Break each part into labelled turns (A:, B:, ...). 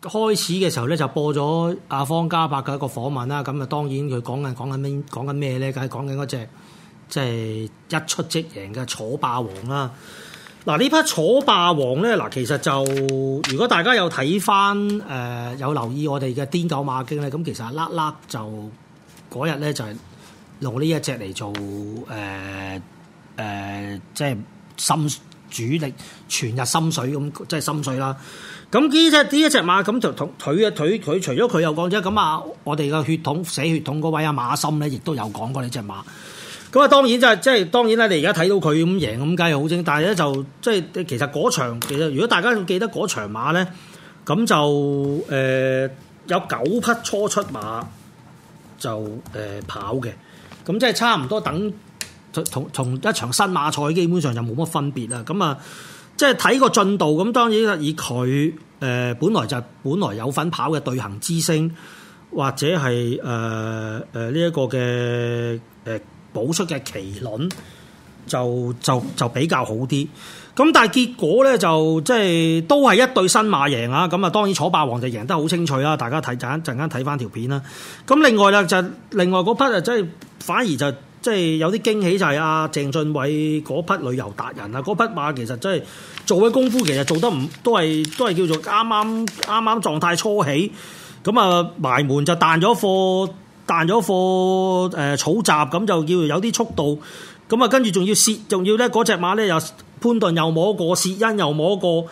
A: 開始嘅時候咧就播咗阿方嘉柏嘅一個訪問啦，咁啊當然佢講緊講緊咩講緊咩咧？梗係講緊嗰隻即係一出即贏嘅楚霸王啦。嗱呢匹楚霸王咧嗱，其實就如果大家有睇翻、誒有留意我哋嘅癲狗馬經咧，咁其實粒粒就嗰日咧就係、是、用呢一隻嚟做誒誒、呃呃、即係心主力全日心水咁即係心水啦。咁呢隻呢一隻馬咁就同腿嘅腿，佢除咗佢有講啫。咁啊，我哋嘅血統寫血統嗰位阿馬心咧，亦都有講過呢隻馬。咁啊，當然即係即係當然咧，你而家睇到佢咁贏咁，梗係好精。但係咧就即係其實嗰場其實，如果大家記得嗰場馬咧，咁就誒、呃、有九匹初出馬就誒跑嘅。咁即係差唔多等同同一場新馬賽，基本上就冇乜分別啦。咁啊～即係睇個進度，咁當然以佢誒、呃、本來就本來有份跑嘅隊行之星，或者係誒誒呢一個嘅誒補出嘅麒麟，就就就，就比較好啲。咁但係結果咧就即係都係一隊新馬贏啊！咁啊，當然楚霸王就贏得好清脆啦。大家睇，就一陣間睇翻條片啦。咁另外咧就另外嗰匹啊，即係反而就。即係有啲驚喜就、啊，就係阿鄭俊偉嗰匹旅遊達人啊，嗰匹馬其實真、就、係、是、做嘅功夫，其實做得唔都係都係叫做啱啱啱啱狀態初起，咁啊埋門就彈咗貨，彈咗貨誒、呃、草閘，咁就叫做有啲速度，咁啊跟住仲要蝕，仲要咧嗰隻馬咧又潘頓又摸過蝕因又摸過，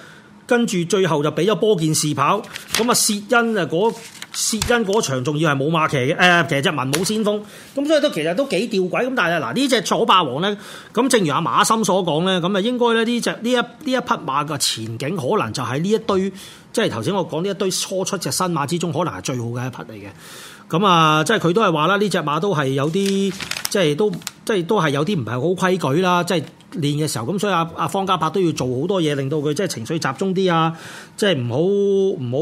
A: 跟住最後就俾咗波件事跑，咁啊蝕因啊嗰～薛因嗰場仲要係冇馬騎嘅。誒，其實隻文武先鋒，咁所以都其實都幾吊詭。咁但係嗱呢隻左霸王咧，咁正如阿馬心所講咧，咁啊應該咧呢隻呢一呢一匹馬嘅前景可能就喺呢一堆，即係頭先我講呢一堆初出隻新馬之中，可能係最好嘅一匹嚟嘅。咁啊、嗯，即係佢都係話啦，呢隻馬都係有啲，即係都，即係都係有啲唔係好規矩啦，即係練嘅時候，咁所以阿阿方家柏都要做好多嘢，令到佢即係情緒集中啲啊，即係唔好唔好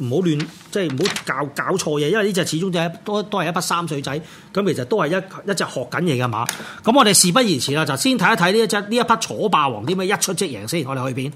A: 唔好亂，即係唔好搞搞錯嘢，因為呢隻始終都係都都係一匹三歲仔，咁其實都係一一隻學緊嘢嘅馬。咁我哋事不宜遲啦，就先睇一睇呢一隻呢一匹楚霸王點樣一出即贏先，我哋去片。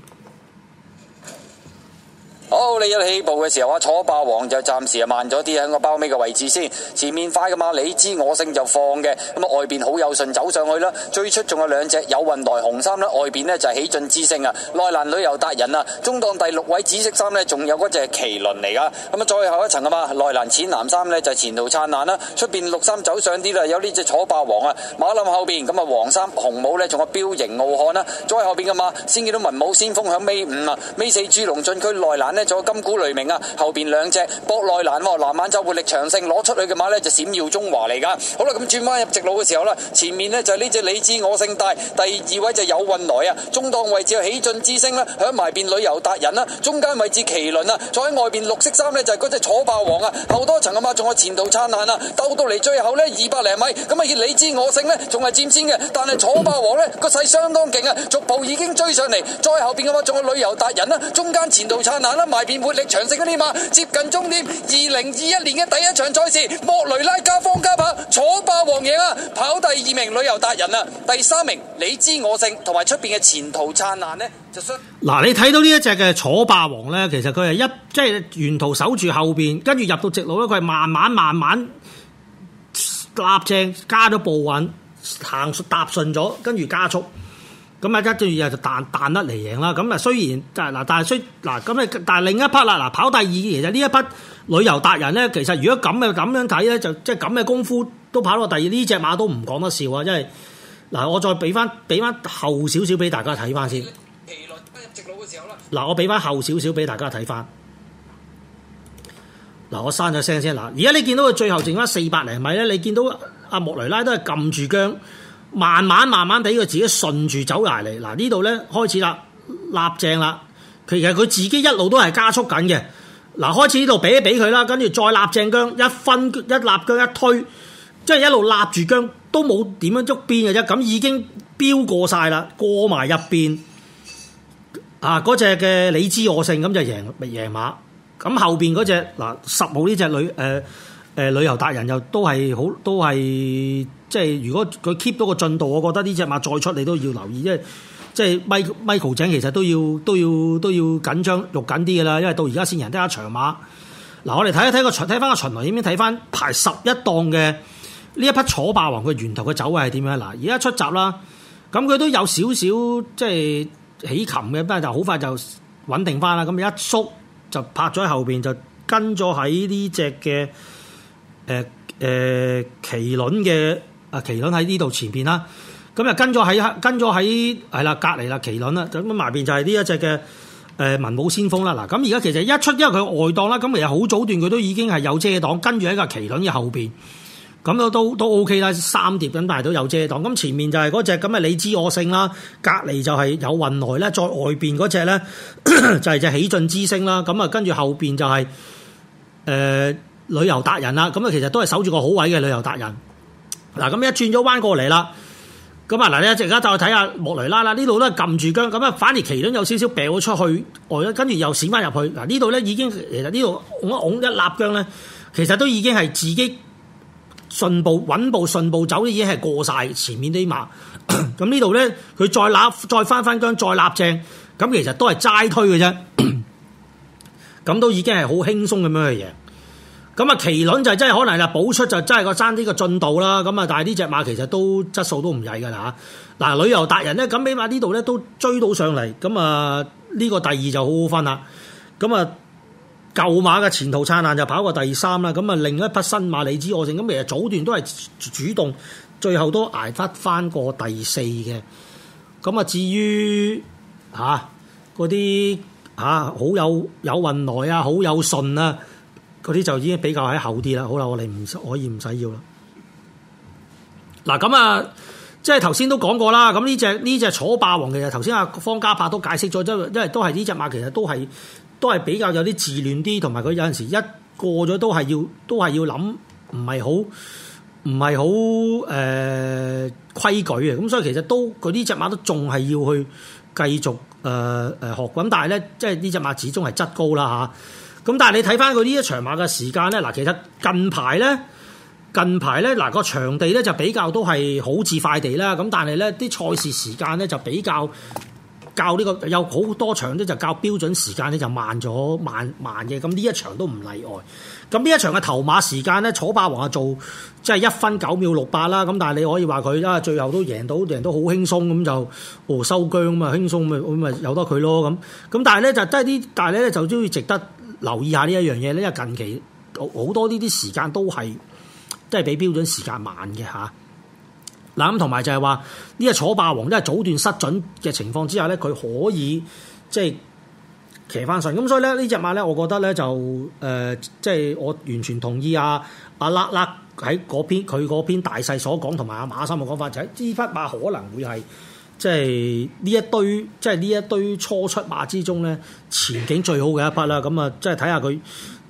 B: 好，oh, 你有起步嘅時候啊，楚霸王就暫時啊慢咗啲喺個包尾嘅位置先，前面快噶嘛，你知我姓就放嘅，咁啊外邊好有順走上去啦，最出仲有兩隻有雲來紅衫啦，外邊呢就係喜進之星啊，內蘭旅遊達人啊，中檔第六位紫色衫呢，仲有嗰隻麒麟嚟噶，咁啊再後一層啊嘛，內蘭淺藍衫呢就係前途燦爛啦，出邊綠衫走上啲啦，有呢隻楚霸王啊，馬林後邊咁啊黃衫紅帽呢，仲有彪形傲漢啦，再後邊噶嘛，先見到文武先鋒響尾五啊尾四豬龍進區內蘭。仲有金鼓雷鳴啊！後邊兩隻博內蘭、南滿洲活力長勝，攞出去嘅馬呢就閃耀中華嚟噶。好啦，咁轉彎入直路嘅時候啦，前面呢就係呢隻你知我姓大，第二位就有運來啊，中檔位置有喜進之星啦，響埋邊旅遊達人啦，中間位置麒麟啊，坐喺外邊綠色衫呢就係嗰隻楚霸王啊，後多層嘅馬仲有前途燦爛啊，鬥到嚟最後呢，二百零米，咁啊你知我姓呢，仲係佔先嘅，但係楚霸王呢，個勢相當勁啊，逐步已經追上嚟，再後邊嘅馬仲有旅遊達人啦，中間前途燦爛啦。埋遍活力長勢嘅呢馬接近終點，二零二一年嘅第一場賽事莫雷拉加方加柏楚霸王贏啊，跑第二名旅遊達人啊，第三名你知我姓，同埋出邊嘅前途燦爛咧。就
A: 嗱，你睇到呢一隻嘅楚霸王呢，其實佢係一即係、就是、沿途守住後邊，跟住入到直路呢，佢係慢慢慢慢立正，加咗步韻行踏順咗，跟住加速。咁啊，一啲就彈彈得嚟贏啦。咁啊，雖然即係嗱，但係需嗱咁啊，但係另一匹啦，嗱跑第二其實呢一匹旅遊達人咧，其實如果咁嘅咁樣睇咧，就即係咁嘅功夫都跑到第二，呢隻馬都唔講得笑啊！因為嗱，我再俾翻俾翻後少少俾大家睇翻先。直路嘅時候啦。嗱，我俾翻後少少俾大家睇翻。嗱，我刪咗聲先。嗱，而家你見到佢最後剩翻四百零米咧，你見到阿莫雷拉都係撳住韁。慢慢慢慢畀佢自己順住走埋嚟。嗱，呢度咧開始啦，立正啦。其實佢自己一路都係加速緊嘅。嗱，開始呢度俾一俾佢啦，跟住再立正姜一分一立姜一推，即係一路立住姜都冇點樣喐邊嘅啫。咁已經飆過晒啦，過埋入邊啊！嗰隻嘅你知我勝咁就贏贏馬。咁後邊嗰隻嗱，十號呢隻旅誒誒、呃呃呃、旅遊達人又都係好都係。即係如果佢 keep 到個進度，我覺得呢隻馬再出你都要留意，因為即係 Mi Michael 井，其實都要都要都要緊張喐緊啲嘅啦，因為到而家先贏得一場馬。嗱，我哋睇一睇個巡睇翻個巡來點樣，睇翻排十一檔嘅呢一匹楚霸王嘅沿途嘅走位係點樣啊？嗱，而家出閘啦，咁佢都有少少即係起擒嘅，不過就好快就穩定翻啦。咁一縮就拍咗喺後邊，就跟咗喺呢隻嘅誒誒麒麟嘅。呃呃啊！麒麟喺呢度前邊啦，咁又跟咗喺跟咗喺係啦隔籬啦麒麟啦，咁埋邊就係呢一隻嘅誒文武先鋒啦。嗱，咁而家其實一出，因為佢外檔啦，咁其實好早段佢都已經係有遮擋，跟住喺個麒麟嘅後邊，咁都都都 OK 啦，三碟咁但係都有遮擋。咁前面就係嗰隻咁嘅你知我姓啦，隔籬就係有運來咧，再外邊嗰隻咧就係、是、隻喜進之星啦。咁啊跟住後邊就係、是、誒、呃、旅遊達人啦，咁啊其實都係守住個好位嘅旅遊達人。嗱，咁一轉咗彎過嚟啦，咁啊嗱咧，即係而家帶我睇下莫雷拉啦，呢度都係撳住姜，咁啊反而奇倫有少少掉出去外咧，跟住又閃翻入去。嗱呢度咧已經其實呢度我拱一立姜咧，其實都已經係自己順步穩步順步走，已經係過晒前面啲馬。咁呢度咧佢再立再翻翻姜再立正，咁其實都係齋推嘅啫。咁都已經係好輕鬆咁樣嘅嘢。咁啊，麒麟就真係可能就補出就真係個爭啲個進度啦。咁啊，但係呢隻馬其實都質素都唔曳嘅啦嚇。嗱、呃，旅遊達人咧，咁起碼呢度咧都追到上嚟。咁啊，呢、這個第二就好好分啦。咁啊，舊馬嘅前途燦爛就跑過第三啦。咁啊，另一匹新馬你知我勝。咁其實早段都係主動，最後都捱得翻過第四嘅。咁啊，至於嚇嗰啲嚇好有有運來啊，好有，有，有順啊。嗰啲就已經比較喺厚啲啦，好啦，我哋唔可以唔使要啦。嗱，咁啊，即係頭先都講過啦。咁呢隻呢隻楚霸王其實頭先阿方家柏都解釋咗，即係因為都係呢隻馬其實都係都係比較有啲自亂啲，同埋佢有陣時一過咗都係要都係要諗，唔係好唔係好誒規矩啊。咁所以其實都佢呢隻馬都仲係要去繼續誒誒、呃呃、學。咁但係咧，即係呢隻馬始終係質高啦嚇。啊。咁但係你睇翻佢呢一場馬嘅時間咧，嗱，其實近排咧，近排咧，嗱個場地咧就比較都係好似快地啦。咁但係咧，啲賽事時間咧就比較較呢個有好多場咧就較標準時間咧就慢咗慢慢嘅。咁呢一場都唔例外。咁呢一場嘅頭馬時間咧，楚霸王做即係一分九秒六八啦。咁但係你可以話佢啊，最後都贏到，贏都好輕鬆咁就哦收韁啊嘛，輕鬆咪我咪由得佢咯咁。咁但係咧就都係啲，但係咧就都要值得。留意下呢一樣嘢咧，因為近期好多呢啲時間都係即係比標準時間慢嘅嚇。嗱，咁同埋就係話呢個楚霸王，因為早段失準嘅情況之下咧，佢可以即係、就是、騎翻上。咁所以咧呢隻馬咧，我覺得咧就誒，即、呃、係、就是、我完全同意阿阿拉拉喺嗰篇佢嗰篇大勢所講同埋阿馬三嘅講法，就是，就係支匹馬可能會係。即係呢一堆，即係呢一堆初出馬之中咧，前景最好嘅一匹啦。咁啊，即係睇下佢，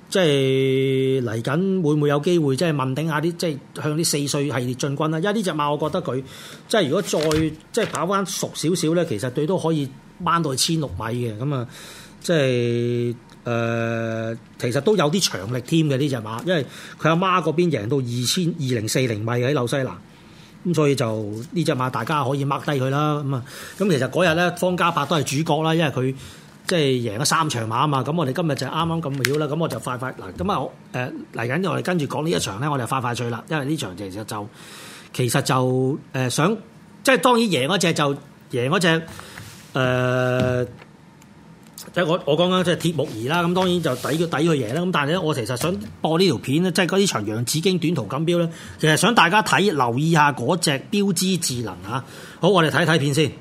A: 即係嚟緊會唔會有機會，即係問鼎下啲，即係向啲四歲系列進軍啦。因為呢隻馬，我覺得佢即係如果再即係跑返熟少少咧，其實佢都可以掹到去千六米嘅。咁啊，即係誒、呃，其實都有啲長力添嘅呢隻馬，因為佢阿媽嗰邊贏到二千二零四零米喺紐西蘭。咁所以就呢隻馬大家可以 mark 低佢啦，咁、嗯、啊，咁其實嗰日咧方嘉柏都係主角啦，因為佢即係贏咗三場馬啊嘛，咁、嗯、我哋今日就啱啱咁秒啦，咁我就快快嗱，咁啊，誒嚟緊我哋跟住講呢一場咧，我就快快脆、啊呃、啦，因為呢場其實就其實就誒、呃、想即係當然贏嗰隻就贏嗰隻誒。呃即係我我講緊即係鐵木兒啦，咁當然就抵佢抵佢贏啦。咁但係咧，我其實想播呢條片咧，即係嗰啲場洋紫荊短途錦標咧，其實想大家睇留意下嗰隻標誌智能嚇。好，我哋睇睇片先。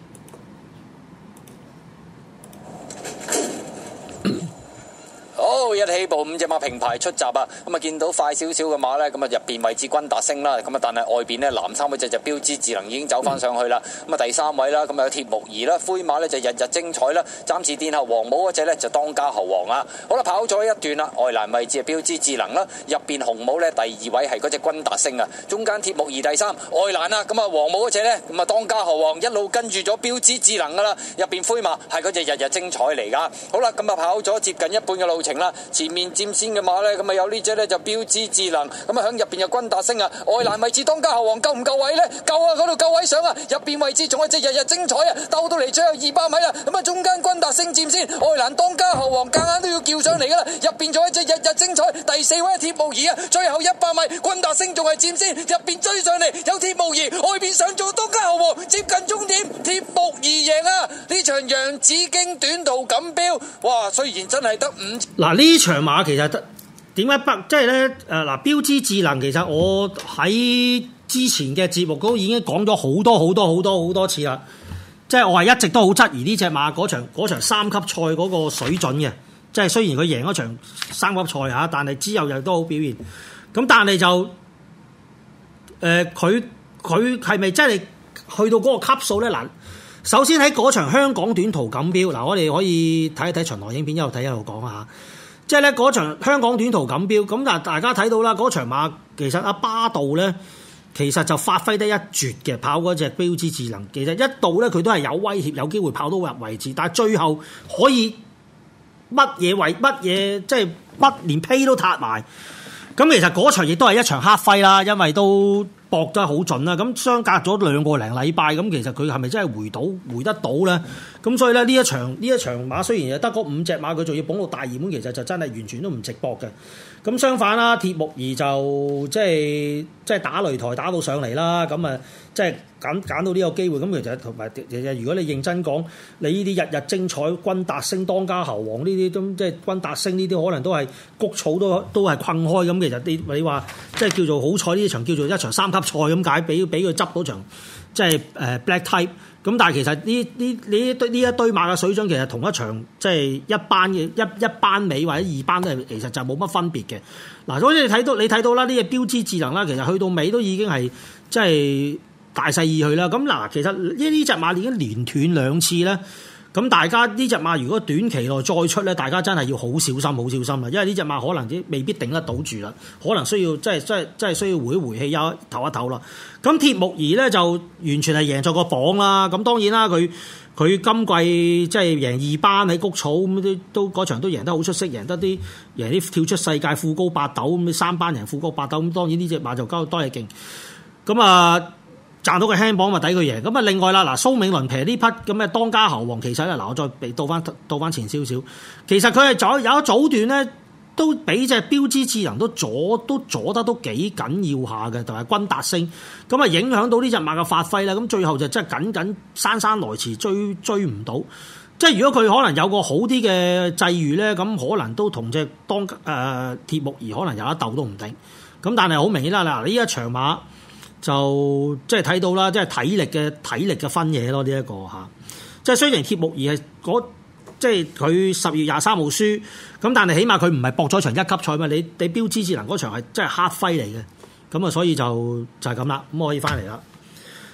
B: 一起步五隻馬平排出閘啊！咁啊見到快少少嘅馬呢，咁啊入邊位置君達升啦，咁啊但係外邊呢，藍衫嗰隻就標之智能已經走返上去啦。咁啊、嗯、第三位啦，咁啊有鐵木兒啦，灰馬呢就日日精彩啦。暫時殿後黃帽嗰隻呢就當家猴王啊！好啦，跑咗一段啦，外欄位置係標之智能啦，入邊紅帽呢，第二位係嗰隻君達升啊，中間鐵木兒第三，外欄啦，咁啊黃帽嗰隻呢，咁啊當家猴王一路跟住咗標之智能噶啦，入邊灰馬係嗰隻日日精彩嚟噶。好啦，咁、嗯、啊跑咗接近一半嘅路程啦。前面佔先嘅馬呢，咁啊有呢隻呢，就標誌智能，咁啊響入邊有軍達星啊，外欄位置當家猴王夠唔夠位呢？夠啊，嗰度夠位上啊，入邊位置仲有隻日日精彩啊，鬥到嚟最後二百米啊，咁啊中間軍達星佔先，外欄當家猴王夾硬，硬都要叫上嚟噶啦，入邊仲有一隻日日精彩，第四位鐵步兒啊，最後一百米軍達星仲係佔先，入邊追上嚟有鐵步兒，外邊想做。場楊紫荊短途錦標，哇！雖然真係得五。
A: 嗱呢場馬其實得點解不？即係咧誒，嗱、呃，標之智能其實我喺之前嘅節目都已經講咗好多好多好多好多次啦。即係我係一直都好質疑呢隻馬嗰場嗰場三級賽嗰個水準嘅。即係雖然佢贏咗場三級賽吓，但係之後又都好表現。咁但係就誒，佢佢係咪真係去到嗰個級數咧？嗱。首先喺嗰場香港短途錦標，嗱，我哋可以睇一睇循環影片，一路睇一路講下。即係咧嗰場香港短途錦標，咁但大家睇到啦，嗰場馬其實阿巴道咧，其實就發揮得一絕嘅，跑嗰隻標之智能，其實一度咧佢都係有威脅，有機會跑到入位置，但係最後可以乜嘢為乜嘢，即係乜連披都撻埋。咁其實嗰場亦都係一場黑輝啦，因為都。搏得好準啦，咁相隔咗兩個零禮拜，咁其實佢係咪真係回到回得到咧？咁所以咧呢一場呢一場馬雖然係得嗰五隻馬，佢仲要捧到大二門，其實就真係完全都唔直搏嘅。咁相反啦，鐵木兒就即係即係打擂台打到上嚟啦，咁啊。即係揀揀到呢個機會，咁其實同埋，如果你認真講，你呢啲日日精彩，君達星當家猴王呢啲，咁即係君達星呢啲，可能都係谷草都都係困開咁。其實你你話即係叫做好彩呢場叫做一場三級賽咁解，俾俾佢執到場即係誒 Black Type。咁但係其實呢呢呢堆呢一堆馬嘅水準，其實同一場即係、就是、一班嘅一一班尾或者二班都係其實就冇乜分別嘅。嗱，所以你睇到你睇到啦，呢嘢標誌智能啦，其實去到尾都已經係即係。大勢而去啦，咁嗱，其實呢呢隻馬已經連斷兩次咧，咁大家呢隻馬如果短期內再出咧，大家真係要好小心，好小心啦，因為呢隻馬可能啲未必頂得到住啦，可能需要即係即係即係需要回一回氣休，休一唞一唞啦。咁鐵木兒咧就完全係贏咗個榜啦，咁當然啦，佢佢今季即係、就是、贏二班喺谷草咁啲都嗰場都贏得好出色，贏得啲贏啲跳出世界富高八斗咁三班贏富高八斗咁，當然呢隻馬就交多嘢勁，咁啊～、呃賺到佢輕磅咪抵佢贏咁啊！另外啦，嗱蘇銘倫平呢匹咁嘅當家侯王其實咧，嗱我再倒翻倒翻前少少，其實佢係早有一早段咧，都俾隻標誌智能都阻都阻得都幾緊要下嘅，同埋軍達星咁啊，影響到呢隻馬嘅發揮咧。咁最後就真係僅僅姍姍來遲追追唔到，即係如果佢可能有個好啲嘅際遇咧，咁可能都同隻當誒、呃、鐵木兒可能有一鬥都唔定。咁但係好明顯啦，嗱呢一場馬。就即係睇到啦，即係體力嘅體力嘅分野咯，呢、這、一個吓，即係雖然鐵木兒係嗰即係佢十月廿三號輸，咁但係起碼佢唔係博咗場一級賽嘛。你你標知智能嗰場係真係黑輝嚟嘅，咁啊所以就就係咁啦，咁可以翻嚟啦。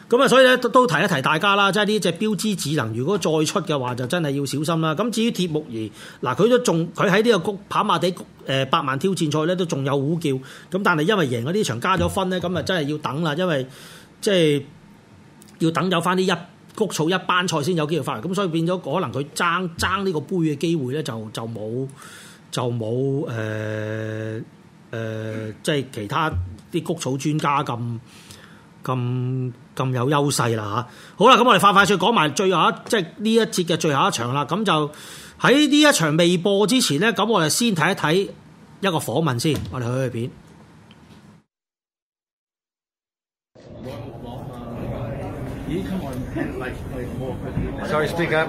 A: 咁啊，所以咧都提一提大家啦，即係呢隻標誌只能如果再出嘅話，就真係要小心啦。咁至於鐵木兒，嗱佢都仲佢喺呢個谷跑馬地誒、呃、百萬挑戰賽咧，都仲有呼叫。咁但係因為贏咗呢場加咗分咧，咁啊真係要等啦，因為即係要等有翻啲一谷草一班賽先有機會翻嚟。咁所以變咗可能佢爭爭呢個杯嘅機會咧，就就冇就冇誒誒，即係其他啲谷草專家咁咁。咁有優勢啦嚇！好啦，咁我哋快快脆講埋最後一即係呢一節嘅最後一場啦。咁就喺呢一場未播之前咧，咁我哋先睇一睇一個訪問先。我哋去去片。
C: Sorry, speak up.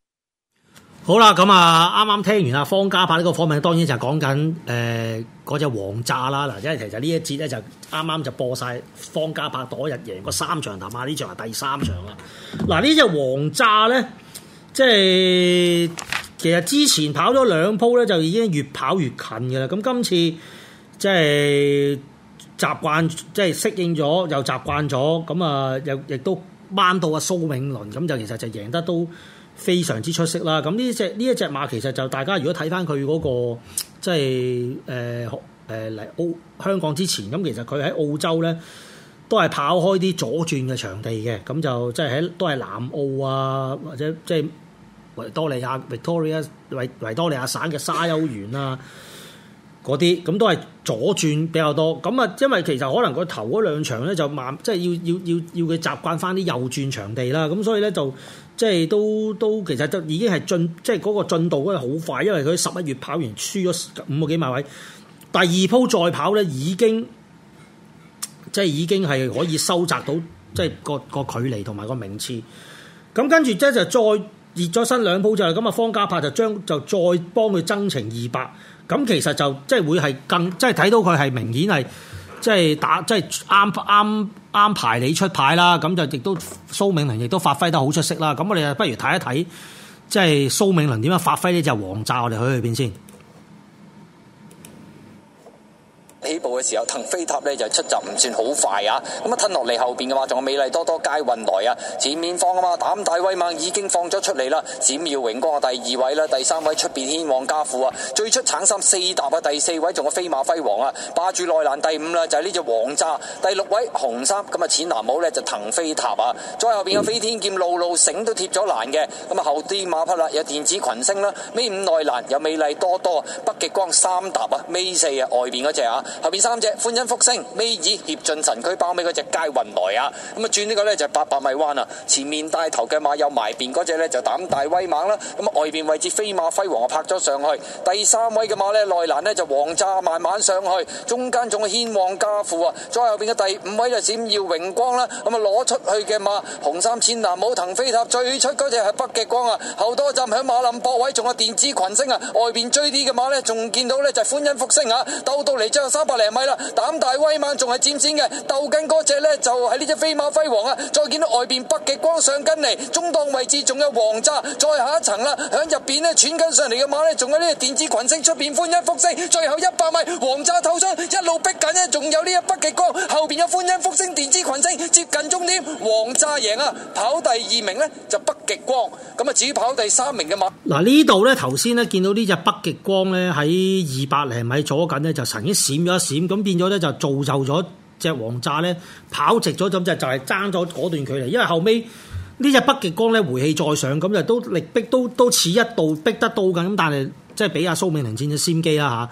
A: 好啦，咁啊，啱啱聽完啊，方家柏呢個訪問，當然就講緊誒嗰隻黃炸啦。嗱，因為其實呢一節咧就啱啱就播晒方家柏嗰日贏過三場，同埋呢場係第三場啦。嗱，隻王呢隻黃炸咧，即係其實之前跑咗兩鋪咧，就已經越跑越近噶啦。咁今次即係習慣，即係適應咗又習慣咗，咁啊又亦都掹到阿蘇永倫，咁就其實就贏得都。非常之出色啦！咁呢隻呢一隻馬其實就大家如果睇翻佢嗰個即係誒誒嚟澳香港之前，咁其實佢喺澳洲咧都係跑開啲左轉嘅場地嘅，咁就即係喺都係南澳啊，或者即係、就是、維多利亞 Victoria 維維多利亞省嘅沙丘園啊。嗰啲咁都係左轉比較多，咁啊，因為其實可能佢頭嗰兩場咧就慢，即係要要要要佢習慣翻啲右轉場地啦，咁所以咧就即係都都其實就已經係進，即係嗰個進度嗰個好快，因為佢十一月跑完輸咗五個幾馬位，第二鋪再跑咧已經即係已經係可以收窄到即係個個距離同埋個名次。咁跟住即就再熱咗身兩鋪就係咁啊，方家柏就將就再幫佢增程二百。咁其實就即係會係更即係睇到佢係明顯係即係打即係啱啱啱排你出牌啦，咁就亦都蘇銘倫亦都發揮得好出色啦。咁我哋啊不如睇一睇即係蘇銘倫點樣發揮呢隻王炸我哋去邊先。
B: 時候騰飛塔呢就出閘唔算好快啊！咁啊吞落嚟後邊嘅話，仲有美麗多多佳運來啊！前面放啊嘛，膽大威猛已經放咗出嚟啦！閃耀榮光啊，第二位啦，第三位出邊天王家富啊，最出橙衫四搭啊，第四位仲有飛馬輝煌啊，霸住內欄第五啦，就係呢隻黃渣，第六位紅衫咁啊，淺藍帽呢就騰飛塔啊！再後邊有飛天劍，露露繩都貼咗欄嘅，咁啊後啲馬匹啦、啊，有電子群星啦、啊，尾五內欄有美麗多多北極光三搭啊，尾四啊外邊嗰隻啊，後邊三。三隻歡欣福星，尾爾協進神駒，包尾嗰隻佳運來呀，咁啊轉呢個呢，就係八百米彎啊，前面帶頭嘅馬有埋邊嗰隻呢，就膽大威猛啦，咁啊外邊位置飛馬輝煌啊拍咗上去，第三位嘅馬呢，內欄呢，就黃炸慢慢上去，中間仲有天王加富啊，再後邊嘅第五位就閃耀榮光啦，咁啊攞出去嘅馬紅衫千拿舞騰飛塔最出嗰隻係北極光啊，後多站響馬林博位仲有電子群星啊，外邊追啲嘅馬呢，仲見到呢，就係歡欣福星啊，兜到嚟只有三百零米。係膽大威猛，仲係漸漸嘅，鬥緊嗰隻呢，就係呢隻飛馬輝煌啊！再見到外邊北極光上跟嚟，中檔位置仲有黃炸，再下一層啦、啊，響入邊呢，穿緊上嚟嘅馬呢，仲有呢隻電子群星，出邊歡欣福星，最後一百米黃炸透出，一路逼緊呢，仲有呢隻北極光，後邊有歡欣福星、電子群星，接近終點，黃炸贏啊！跑第二名呢，就北極光，咁啊至於跑第三名嘅馬，
A: 嗱呢度呢，頭先呢，見到呢隻北極光呢，喺二百零米左近呢，就曾經閃咗一閃。咁變咗咧，就造就咗隻黃炸咧跑直咗，咁就就係爭咗嗰段距離。因為後尾呢隻北極光咧回氣再上，咁就都力逼都都似一度逼得到緊。咁但係即係俾阿蘇銘倫佔咗先機啦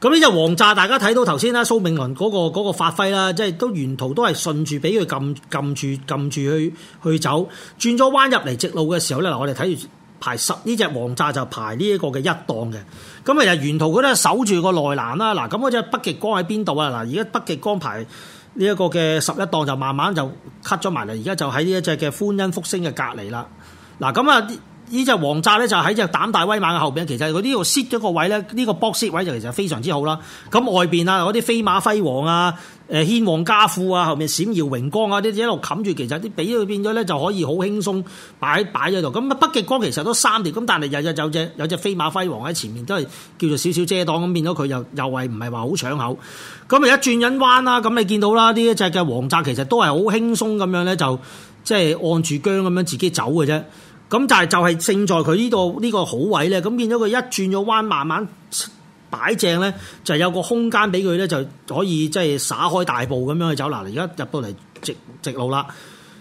A: 吓，咁呢隻黃炸，大家睇到頭先啦，蘇銘倫嗰個嗰個發揮啦，即係都沿途都係順住俾佢撳撳住撳住去去走，轉咗彎入嚟直路嘅時候咧，嗱我哋睇住。排十呢隻王炸就排呢一個嘅一檔嘅，咁其實沿途佢咧守住個內欄啦，嗱，咁嗰隻北極光喺邊度啊？嗱，而家北極光排呢一個嘅十一檔就慢慢就 cut 咗埋嚟，而家就喺呢一隻嘅歡欣福星嘅隔離啦，嗱，咁啊。呢隻王炸咧就喺隻膽大威猛嘅後邊，其實佢呢度 sit 咗個位咧，呢個 box 位就其實非常之好啦。咁外邊啊，嗰啲飛馬輝煌啊、誒軒王家富啊，後面閃耀榮光啊呢啲一路冚住，其實啲比變咗咧就可以好輕鬆擺擺喺度。咁北極光其實都三條，咁但係日日有隻有隻飛馬輝煌喺前面都係叫做少少遮擋，咁變咗佢又又係唔係話好搶口？咁一轉緊彎啦，咁你見到啦，呢一隻嘅王炸其實都係好輕鬆咁樣咧，就即係按住韁咁樣自己走嘅啫。咁就係就係勝在佢呢度呢個好位咧，咁變咗佢一轉咗彎，慢慢擺正咧，就有個空間俾佢咧，就可以即係撒開大步咁樣去走。嗱，而家入到嚟直直路啦，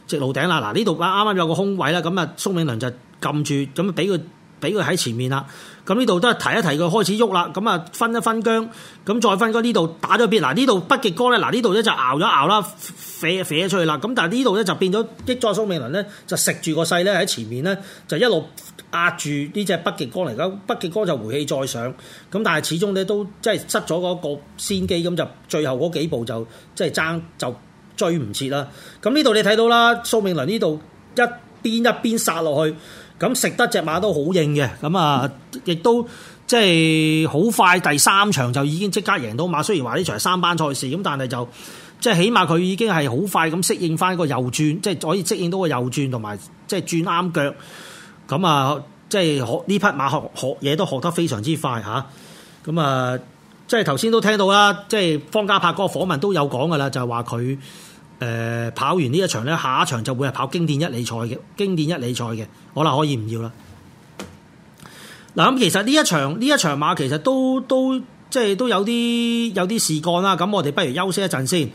A: 直路頂啦。嗱，呢度啱啱有個空位啦，咁啊蘇銘倫就撳住，咁俾佢。俾佢喺前面啦，咁呢度都提一提佢開始喐啦，咁啊分一分疆，咁再分嗰呢度打咗一撇，嗱呢度北極哥咧，嗱呢度咧就熬咗熬啦，扯咗出去啦，咁但係呢度咧就變咗激咗蘇明倫咧，就食住個勢咧喺前面咧就一路壓住呢隻北極哥嚟嘅，北極哥就回氣再上，咁但係始終咧都即係失咗嗰個先機，咁就最後嗰幾步就即係爭就追唔切啦。咁呢度你睇到啦，蘇明倫呢度一邊一邊殺落去。咁食得隻馬都好硬嘅，咁啊，亦都即係好快，第三場就已經即刻贏到馬。雖然話呢場係三班賽事，咁但係就即係、就是、起碼佢已經係好快咁適應返個右轉，即、就、係、是、可以適應到個右轉同埋即係轉啱腳。咁啊，即係學呢匹馬學學嘢都學得非常之快吓，咁啊，即係頭先都聽到啦，即、就、係、是、方家柏嗰個訪問都有講㗎喇，就係話佢。誒，跑完呢一場咧，下一場就會係跑經典一哩賽嘅，經典一哩賽嘅，好啦可以唔要啦。嗱，咁其實呢一場呢一場馬其實都都即係都有啲有啲事幹啦。咁我哋不如休息一陣先。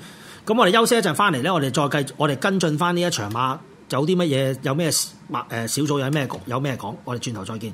A: 咁我哋休息一陣翻嚟咧，我哋再繼續我哋跟進翻呢一場馬有啲乜嘢，有咩馬，誒小組有咩局有咩講，我哋轉頭再見。